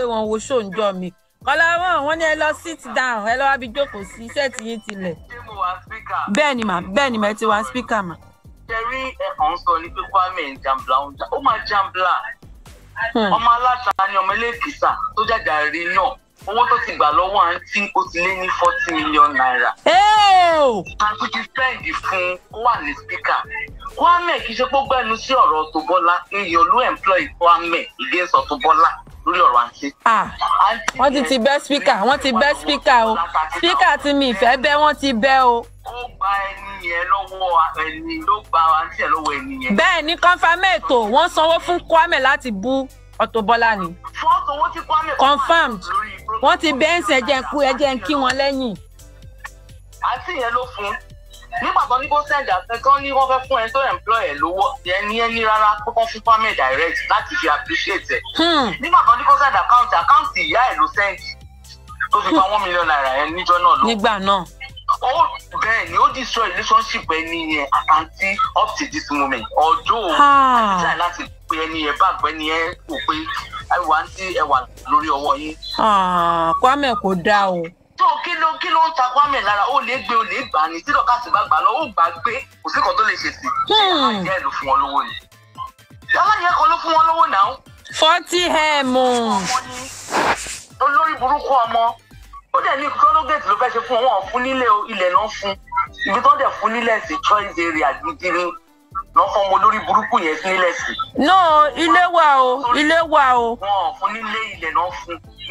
pé wọ́n wo ṣó ń jọ mi kọ́láwọ́n wọ́n ní ẹ lọ sit down ẹ lọ wá bí jókòó sí iṣẹ́ tí yín tilẹ̀. bẹ́ẹ̀ ni mà bẹ́ẹ̀ ni mà ẹ ti wá spíkà mà. ṣẹ̀rí ẹ̀kan sọ ni pé Kwame ń jambla ó máa jambla hmm. ọmọ aláta ni ọmọ elékìsà tó jàjà rí náà owó tó ti gbà lọ́wọ́ àǹtí ó ti lé ní forty million naira. àǹtí fẹ́ǹdì fún wà ní spíkà Kwame kì ṣe pé ó gbẹnu sí ọ̀rọ̀ Auto Bola ìyọ̀lú employee Kwame against Auto Bola lórí ọ̀rọ̀ àǹtí. wọ́n ti ti bẹ́ spíkà wọ́n ti bẹ́ spíkà o spíkà tí mi ìfẹ́ bẹ́ wọ́n ti bẹ́ o. ó gba ẹni yẹn lọ́wọ́ ẹni ló gba àǹtí ẹ̀ lọ́wọ́ ẹni yẹn. bẹ́ẹ̀ ni kọ́ńfàmẹ́ẹ̀tò wọ́n sanwó fún Kwame láti bú Auto ni. fọ́ọ̀tò wọ́n ti Kwame. confirmed wọ́n ti bẹ́ẹ̀ ń ń kú ẹjẹ̀ ń kí wọn lẹ́yìn. àǹtí yẹn ló fún nígbà tó ní kó sẹ́ǹdì àtẹ̀kọ́ ní wọ́n fẹ́ fún ẹni tó employ ẹ̀ lówó ẹni ẹni rárá kọ́kọ́ fún farmer direct láti fi appreciate ẹ̀ hmm. nígbà tó ní kó sẹ́ǹdì àkáǹtì àkáǹtì ìyá ẹ̀ ló sẹ́ǹdì tó fi pa one million naira ẹ̀ níjọ́ náà lọ. nígbà náà. ó bẹ́ẹ̀ ni ó destroy relationship ẹni yẹn àkáǹtì up to this moment ọjọ́ àti láti pe ẹni yẹn bá gbẹ́ ni ẹ kò pé ẹwà ń tí ẹwà lórí ọwọ́ yín. Ah, Kwame kò dáa o kí ló ń ta Kwame lára ó lè gbé ó lè gbà ní tí dọ́kà sì bá gbà lọ ó gbà gbé kò sí kan tó lè ṣe sí i aláìyá hmm. ẹ̀ ló fún wọn lówó ni aláìyá kan ló fún wọn lówó náà. forty m. olórí burúkú ọmọ ó dẹ̀ ní kọ́lọ́gẹ̀tì ló fẹ́ ṣe fún wọn fún nílé ilẹ̀ náà fún ibi tó dẹ̀ fún nílẹ̀ sí choice area gidiri lọ fún ọmọ olórí burúkú yẹn sí nílẹ̀ sí. náà ilé wà o ilé wà o. wọn ò fún nílé ilẹ̀ náà fún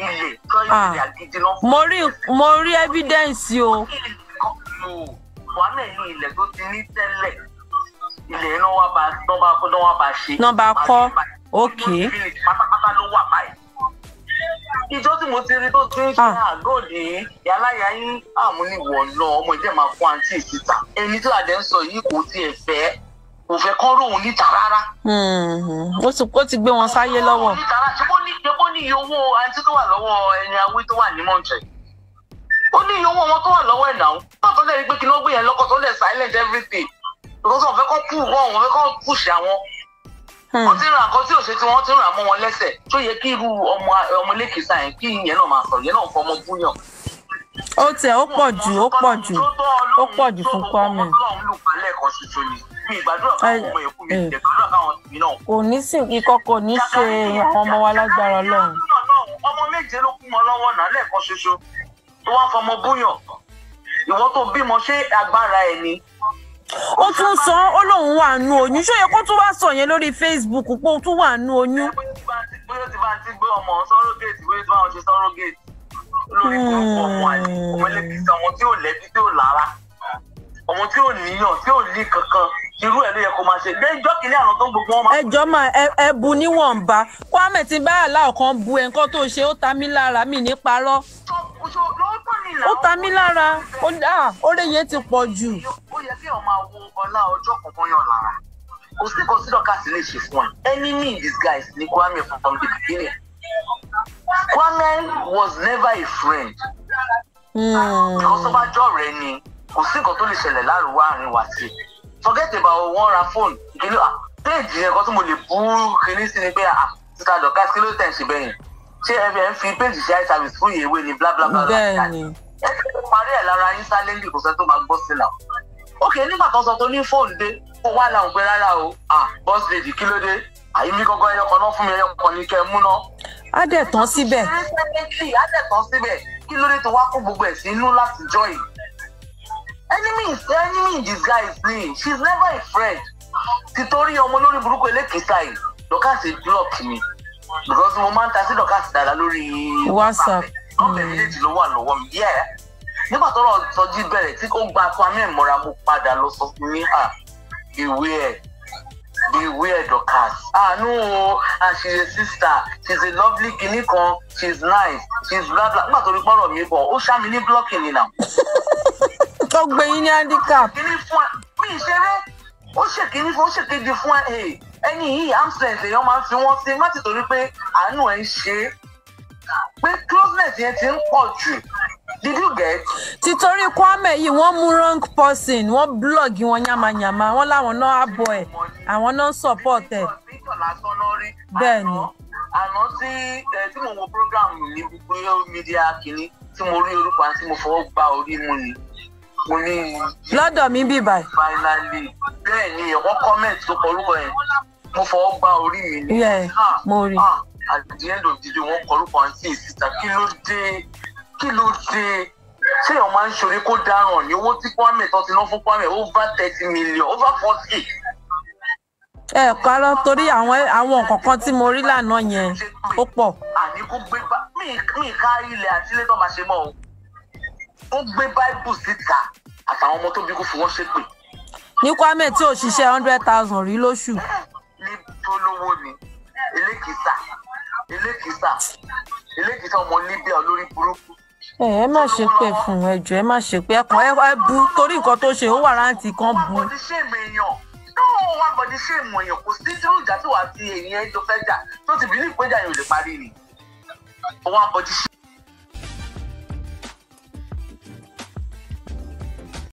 ilẹ̀ ah. kọ́ ìrìn àgídí náà. mo rí mo rí evidence o. wàhálà inú ilẹ̀ tó ti ní tẹ́lẹ̀ ilẹ̀ náà wà bá nọ́ba kó náà wà bá ṣe. nọ́ba kọ́ ok. pátápátá ló wà báyìí. ìjọ tí mo ti rí tó ti ń ṣe ah. àgọ́ọ̀dì yàláyà yín àmúniwọ̀n náà ọmọ ìjẹ́ máa fún àǹtí ìsìta ẹni tí àdé ń sọ yìí kò tiẹ̀ fẹ́ kò fẹ́ kó róhun níta rárá. ó ti gbé wọn sáyé lọ́wọ́. ṣé kó ní iye owó àǹtí tó wà lọ́wọ́ ẹni awé tó wà ní mọ̀ǹtẹ̀ ó ní iye owó wọn tó wà lọ́wọ́ ẹ̀ náà náà tó pé kí ni wọ́n gbé yẹn lọ́kọ̀ tó lè silent everything because fẹ́ kọ́ pù wọ́n wọ́n fẹ́ kọ́ push àwọn. wọ́n ti ràn nǹkan tí ò tí wọ́n ti ràn mọ́ wọn lẹ́sẹ̀ tó yẹ kí irú ọmọ ó tẹ ó pọ̀ ó pọ̀ ó pọ̀ fún Kwame nìkan ṣoṣo ni mi ìgbàdúrà káwọn ọmọ ẹ̀kú mi ìgbàdúrà káwọn tèmi náà. kò ní sìnkú kọkọ ní ṣe àwọn ọmọ wa lágbára Ọlọ́run. ọmọ méje ló kún wọn lọ́wọ́ náà lẹ́ẹ̀kan ṣoṣo tó wá fọmọ búyàn ìwọ tó bímọ ṣé agbára ẹ ni ó tún sọ ó lóun wà nù oyún ṣó kó tún wá sọ yẹn lórí Facebook pé ó tún wà nù oyún. bóyá ti bá ti gbé ọmọ sọ́rọ́gẹ̀tì bóyá ti bá wọn ṣe sọ́rọ́gẹ̀tì tí ò níyàn tí ò lè kankan irú ẹ̀ ló yẹ kó máa ṣe lẹ́jọ́ kìíní àrùn tó ń gbogbo wọn máa. máa ẹ bu níwọ̀nba Kwame ti bá aláwọ̀ kan bu ẹ̀ tó ṣe ó ta mí lára mi ní parọ́. ó ta mí lára oore yẹn ti pọ̀ jù. ó yẹ kí ọmọ àwo ọlá ọjọ́ kọ̀ọ̀kan yàn lára kò sí kò sí dọ́kà sí lè ṣe fún ẹ enemy in disguise ni Kwame from the beginning Kwame was never a friend. Hmm. because ọba jọ rẹ ni kò sí nǹkan tó lè ṣẹlẹ̀ láàrúwá àárín wa sí forget about wọn ra fóònù ìkíní à déèjì yẹn kan tó mo lè bú kíní sí ni pé à síta dọ̀ká kí ló tẹ̀ ń ṣe bẹ́yìn ṣé ẹ fẹ́ fi péjì ṣe àìsàbìsì fún ìyẹ̀wé ni bla bla bla. bẹ́ẹ̀ni ẹ ti parí ẹ̀ lára yín sálẹ́ńdì kò sẹ́ tó máa gbọ́ sí làwọn okay nígbà tó sọ tó ní fóònù dé kó wá làwọn pé rárá o ah boss lady kí ló dé àyíní kankan ẹyọ kan náà fún mi ẹyọ kan ní kẹ mú náà. á dẹ̀ tán síbẹ̀. á dẹ̀ tán síbẹ̀ kí ló dé tó wá kó gbogbo ẹ̀ sí inú láti jọ yìí enemy is enemy in disguise ni she is never a friend títorí ọmọ lórí burúkú elékìtà yìí dọ́kàsì block mi because mo máa ń ta sí dọ́kàsì dáadáa lórí whatsapp nọ́mbà méjèèjì ló wà lọ́wọ́ mi yẹ́ nígbà tọ́rọ̀ sọjí bẹ̀rẹ̀ tí ó gba fami ìmọ̀ra mo padà lọ sọ fún mi hàn ìwé ẹ̀ ìwé ẹ̀ dọ́kàsì àánú o and ah, she is a sister she is a lovely guinea kan she is nice she is bla bla nígbà tó rí pọ́nrọ̀ mi bọ̀ ó ṣá mi ní blocking ni now. tó gbé yín ní handicap. kìíní fún ẹ mi ìṣeré ó ṣèkíní fún ó ṣèkejì fún ẹ ẹni yìí amstress èèyàn máa ń fi wọ́n sí má torí pé àánú ẹ ń ṣe é pé closeness yẹn ti ń pọ̀ jù did you get. títorí kwame yìí wọ́n mú wrong person wọ́n blọ́ọ̀gì wọn yamayama wọ́n láwọn náà àbọ̀ ẹ̀ àwọn náà ń support ẹ̀. bẹ́ẹ̀ ni. àná tí tí mo wo program ní gbogbo media kìíní tí mo rí orúkọ àti mo fọwọ́ gba orí mu ni mo rí i. lọ́dọ̀ mi bí báyìí. finally bẹ́ẹ̀ ni ẹ̀wọ́n comment tó kọ orúkọ yẹn mo fọwọ́ gba orí mi ni. Ah, mo rí ah, at the end of the day wọ́n kọ orúkọ àǹtí ìsìta kí ló dé kí ló dé ṣé èèyàn máa ń ṣòro kó dáràn ní owó tí Kwame tó ti ná fún Kwame over thirty million over forty ẹ parọ́ torí àwọn àwọn nǹkan kan tí mo rí lánàá yẹn ó pọ̀. àní kó gbé bá mi ká ilẹ̀ àtìlẹ́tọ̀ máa ṣe mọ́ o ó gbé báíbù síta àtàwọn ọmọ tó bí kó fi wọ́n ṣépè. ní Kwame tí ò ṣiṣẹ́ hundred thousand rí lóṣù. ní tó lówó ni elékìsà elékìsà elékìsà ọmọ Libya olórí burúkú. ẹ ẹ má ṣe pé fún ẹjọ́ ẹ má ṣe pé ẹkàn ẹ bu torí nǹkan tó ṣe ó wà rántí kan bu. wọ́n ti ṣe èmi náà wọ́n gbọ́dọ̀ ṣe èèmọ̀ kò sí dúró ìjà tí wàá ti èèyàn ẹjọ́ fẹ́ jà tó ti bí ní ìpéjà yẹn ò lè parí ni. wọ́n á ṣe.